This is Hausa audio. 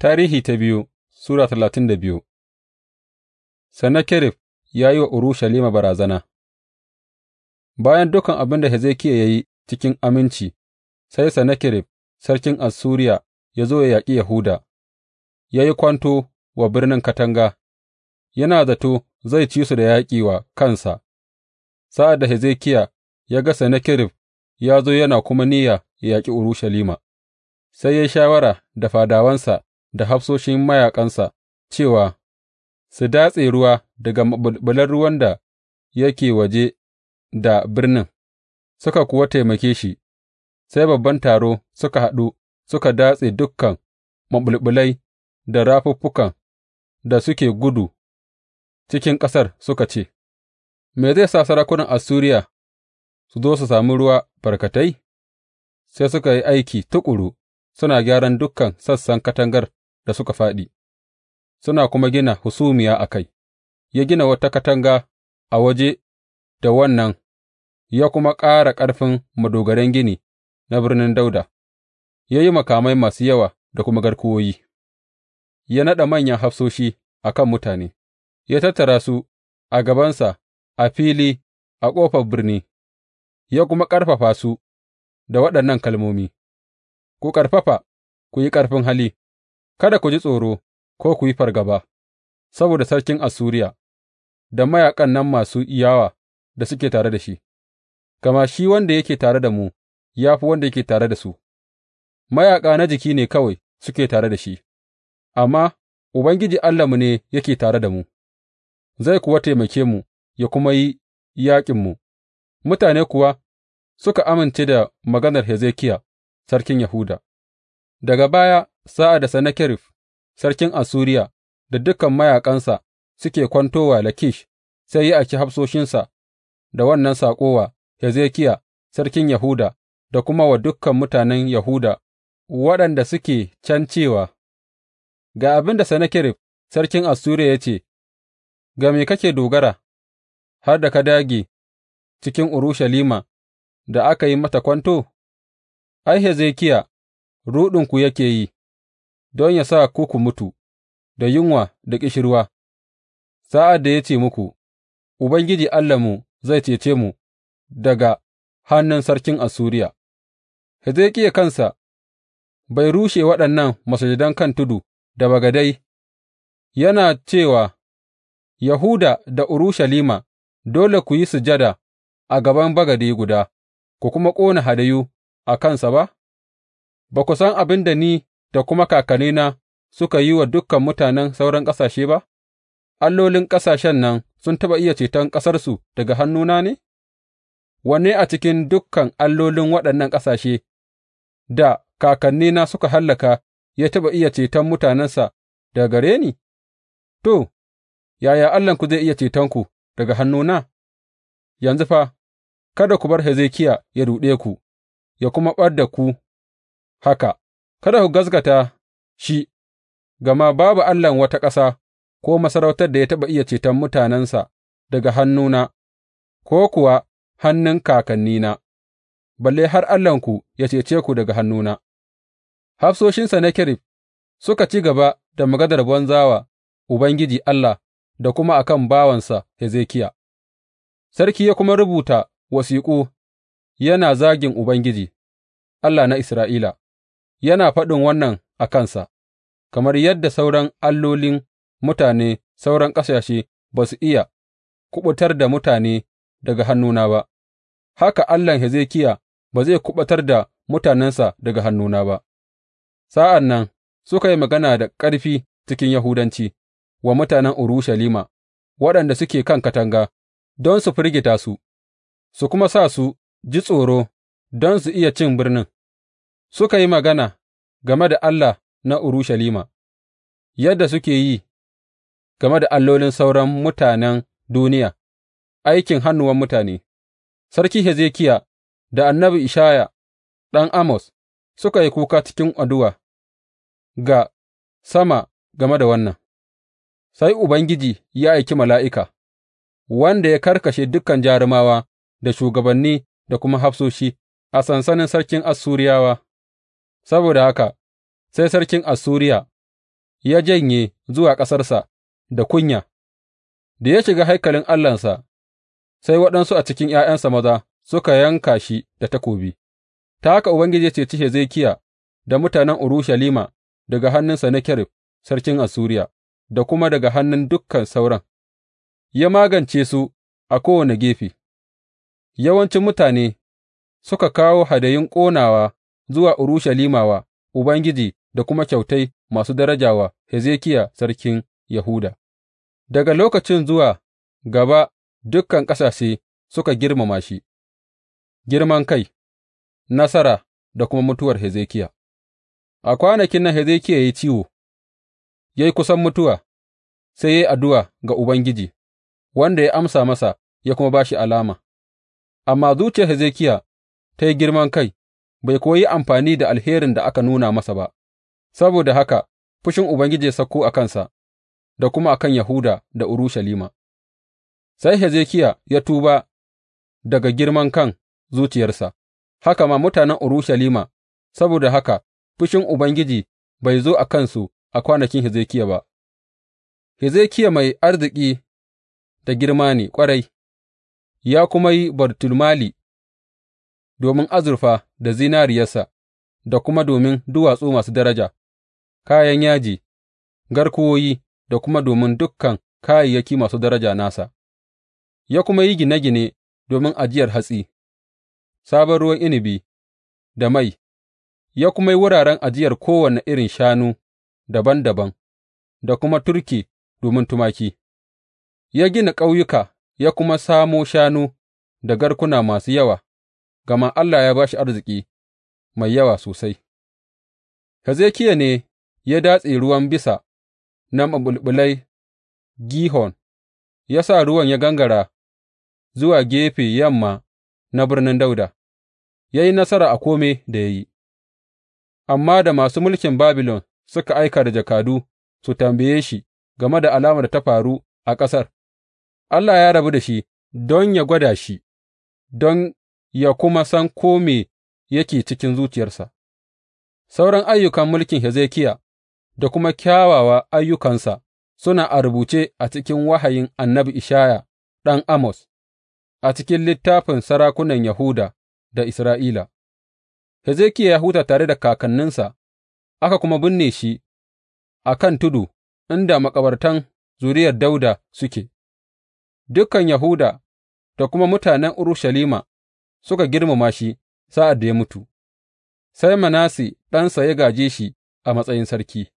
Tarihi ta biyu Sura talatin da biyu Sennakerib ya yi wa Urushalima barazana Bayan dukan abin da Hezekiya ya yi cikin aminci, sai Sennakerib sarkin Assuriya ya zo ya yaƙi Yahuda, ya yi kwanto wa birnin katanga, yana zato zai ci su da yaƙi wa kansa. Sa'ad da Hezekiya ya ga Sennakerib ya zo yana kuma niyya ya yaƙi Urushalima, sai ya yi shawara da fadawansa da hafsoshin mayaƙansa cewa su datse ruwa daga maɓulɓulan ruwan da yake waje da birnin, suka kuwa taimake shi, sai babban taro suka haɗu suka datse dukkan maɓulɓulai da rafuffukan da suke gudu cikin ƙasar suka ce, Me zai sa sarakunan Assuriya su zo su sami ruwa barkatai? Sai suka yi aiki tuƙuru suna gyaran dukkan sassan katangar da suka fāɗi, suna kuma gina husumiya a kai, ya gina wata katanga a waje da wannan, ya kuma ƙara ƙarfin madogaran gini na birnin Dauda, ya yi makamai masu yawa da kuma garkuwoyi, ya naɗa manyan hafsoshi a kan mutane, ya tattara su a gabansa a fili a ƙofar birni, ya kuma ƙarfafa su da waɗannan kalmomi, Ku ƙarfafa, ku yi ƙarfin hali. Kada ku ji tsoro ko ku yi fargaba saboda sarkin Assuriya da mayaƙan nan masu yawa da suke tare da shi, gama shi wanda yake tare da mu ya fi wanda yake tare da su, mayaƙa na jiki ne kawai suke tare da shi, amma Ubangiji Allahnmu ne yake tare da mu, zai kuwa taimake mu ya kuma yi yaƙinmu, mutane kuwa suka amince da maganar Hezekiya sarkin Yahuda. Daga baya sa'ad da Sennakerib sarkin Assuriya da dukan mayaƙansa suke kwanto wa Lakish, sai ya aiki hafsoshinsa da wannan saƙo wa Hezekiya sarkin Yahuda da kuma wa dukan mutanen Yahuda waɗanda suke can cewa, Ga abin da Sennakerib sarkin Assuriya ya ce, Ga me kake dogara, har da ka dage cikin Urushalima da aka yi mata kwanto? Ai, Hezekiya, ruɗinku yake yi. don yă sa ku ku mutu da yunwa da ƙishirwa, sa'ad da ya ce muku, Ubangiji Allahnmu zai cece mu daga hannun sarkin Assuriya, Hezekiya kansa bai rushe waɗannan masujadan kan tudu da bagadai, yana cewa, Yahuda da Urushalima, dole ku yi sujada a gaban bagade guda, ku kuma ƙona hadayu a kansa ba? Ba ku san abin da ni da kuma kakannina suka yi wa dukan mutanen sauran ƙasashe ba? Allolin ƙasashen nan sun taɓa iya ceton ƙasarsu daga hannuna ne? Wanne a cikin dukan allolin waɗannan ƙasashe da kakannina suka hallaka ya taɓa iya ceton mutanensa daga gare ni? To, yaya Allahnku zai iya cetonku daga hannuna? Yanzu fa, kada ku bar Hezekiya ya ruɗe ku, ya kuma ɓad da ku haka. Kada ku gaskata shi, gama babu allahn wata ƙasa ko masarautar da ya taɓa iya ceton mutanensa daga hannuna ko kuwa hannun kakannina, balle har Allahnku ya cece ku daga hannuna. Hafsoshinsa na Sennakerib suka ci gaba da maganar banza Ubangiji Allah da kuma a kan bawansa Hezekiya. Sarki ya kuma rubuta wasiƙu yana zagin Ubangiji, Allah na Isra'ila. yana faɗin wannan a kansa, kamar yadda sauran allolin mutane sauran ƙasashe ba su iya kuɓutar da mutane daga hannuna ba, haka Allahn Hezekiya ba zai kuɓutar da mutanensa daga hannuna ba. Sa'an nan suka yi magana da ƙarfi cikin Yahudanci wa mutanen Urushalima waɗanda suke kan katanga don su firgita su, su kuma sa su ji tsoro don su iya cin birnin. suka yi magana game da Allah na Urushalima, yadda suke yi game da allolin sauran mutanen duniya, aikin hannuwan mutane, Sarki Hezekiya da annabi Ishaya ɗan Amos suka yi kuka cikin addu'a ga sama game da wannan, sai Ubangiji ya aiki mala'ika, wanda ya karkashe dukan jarumawa da shugabanni da kuma hafsoshi a sansanin sarkin Assuriyawa. Saboda haka sai sarkin Assuriya ya janye zuwa ƙasarsa da kunya, da ya shiga haikalin allahnsa, sai waɗansu a cikin ’ya'yansa maza suka yanka shi da takobi, ta haka Ubangiji ya ceci Hezekiya da mutanen Urushalima daga hannun Sennakerib sarkin Assuriya da kuma daga hannun dukkan sauran, ya magance su a kowane gefe, yawancin mutane suka kawo hadayin ƙonawa zuwa Urushalima wa Ubangiji da kuma kyautai masu daraja wa Hezekiya sarkin Yahuda, daga lokacin zuwa gaba dukan ƙasashe suka girmama shi, girman kai, nasara da kuma mutuwar Hezekiya A kwanakin nan Hezekiya ya yi ciwo, ya yi kusan mutuwa, sai ya yi addu'a ga Ubangiji, wanda ya amsa masa ya kuma ba shi alama, amma zuciyar Hezekiya ta yi girman kai. bai kuwa yi amfani da alherin da aka nuna masa ba, saboda haka fushin Ubangiji ya sauko a kansa da kuma a kan Yahuda da Urushalima. Sai Hezekiya ya tuba daga girman kan zuciyarsa, haka ma mutanen Urushalima, saboda haka fushin Ubangiji bai zo a kansu a kwanakin Hezekiya ba. Hezekiya mai arziki da girma ne ƙwarai, ya kuma yi Bartilmali domin azurfa da zinariyarsa, da kuma domin duwatsu masu daraja, kayan yaji, garkuwoyi, da kuma domin dukkan kayayyaki masu daraja nasa, ya kuma yi gine-gine domin ajiyar hatsi, sabon ruwan inabi da mai, ya kuma yi wuraren ajiyar kowane irin shanu daban daban, da kuma turke domin tumaki, ya gina ƙauyuka ya kuma samo shanu da garkuna masu yawa. gama Allah ya ba shi arziki mai yawa sosai. Hezekiya ne ya datse ruwan bisa na maɓulɓulai Gihon, ya sa ruwan ya gangara zuwa gefe yamma na birnin Dauda. ya yi nasara a kome da ya yi, amma da masu mulkin Babilon suka aika da jakadu su tambaye shi game da alamar da ta faru a ƙasar, Allah ya rabu da shi don ya gwada shi, don ya kuma san ko me yake cikin zuciyarsa, sauran ayyukan mulkin Hezekiya da kuma kyawawa ayyukansa suna a rubuce a cikin wahayin annabi Ishaya ɗan Amos, a cikin littafin sarakunan Yahuda da Isra'ila. Hezekiya ya huta tare da kakanninsa, aka kuma binne shi a kan tudu inda makabartan zuriyar dauda suke, dukan Yahuda da kuma mutanen Urushalima suka girmama shi sa'ad da ya mutu, sai Manasse ɗansa ya gāje shi a matsayin sarki.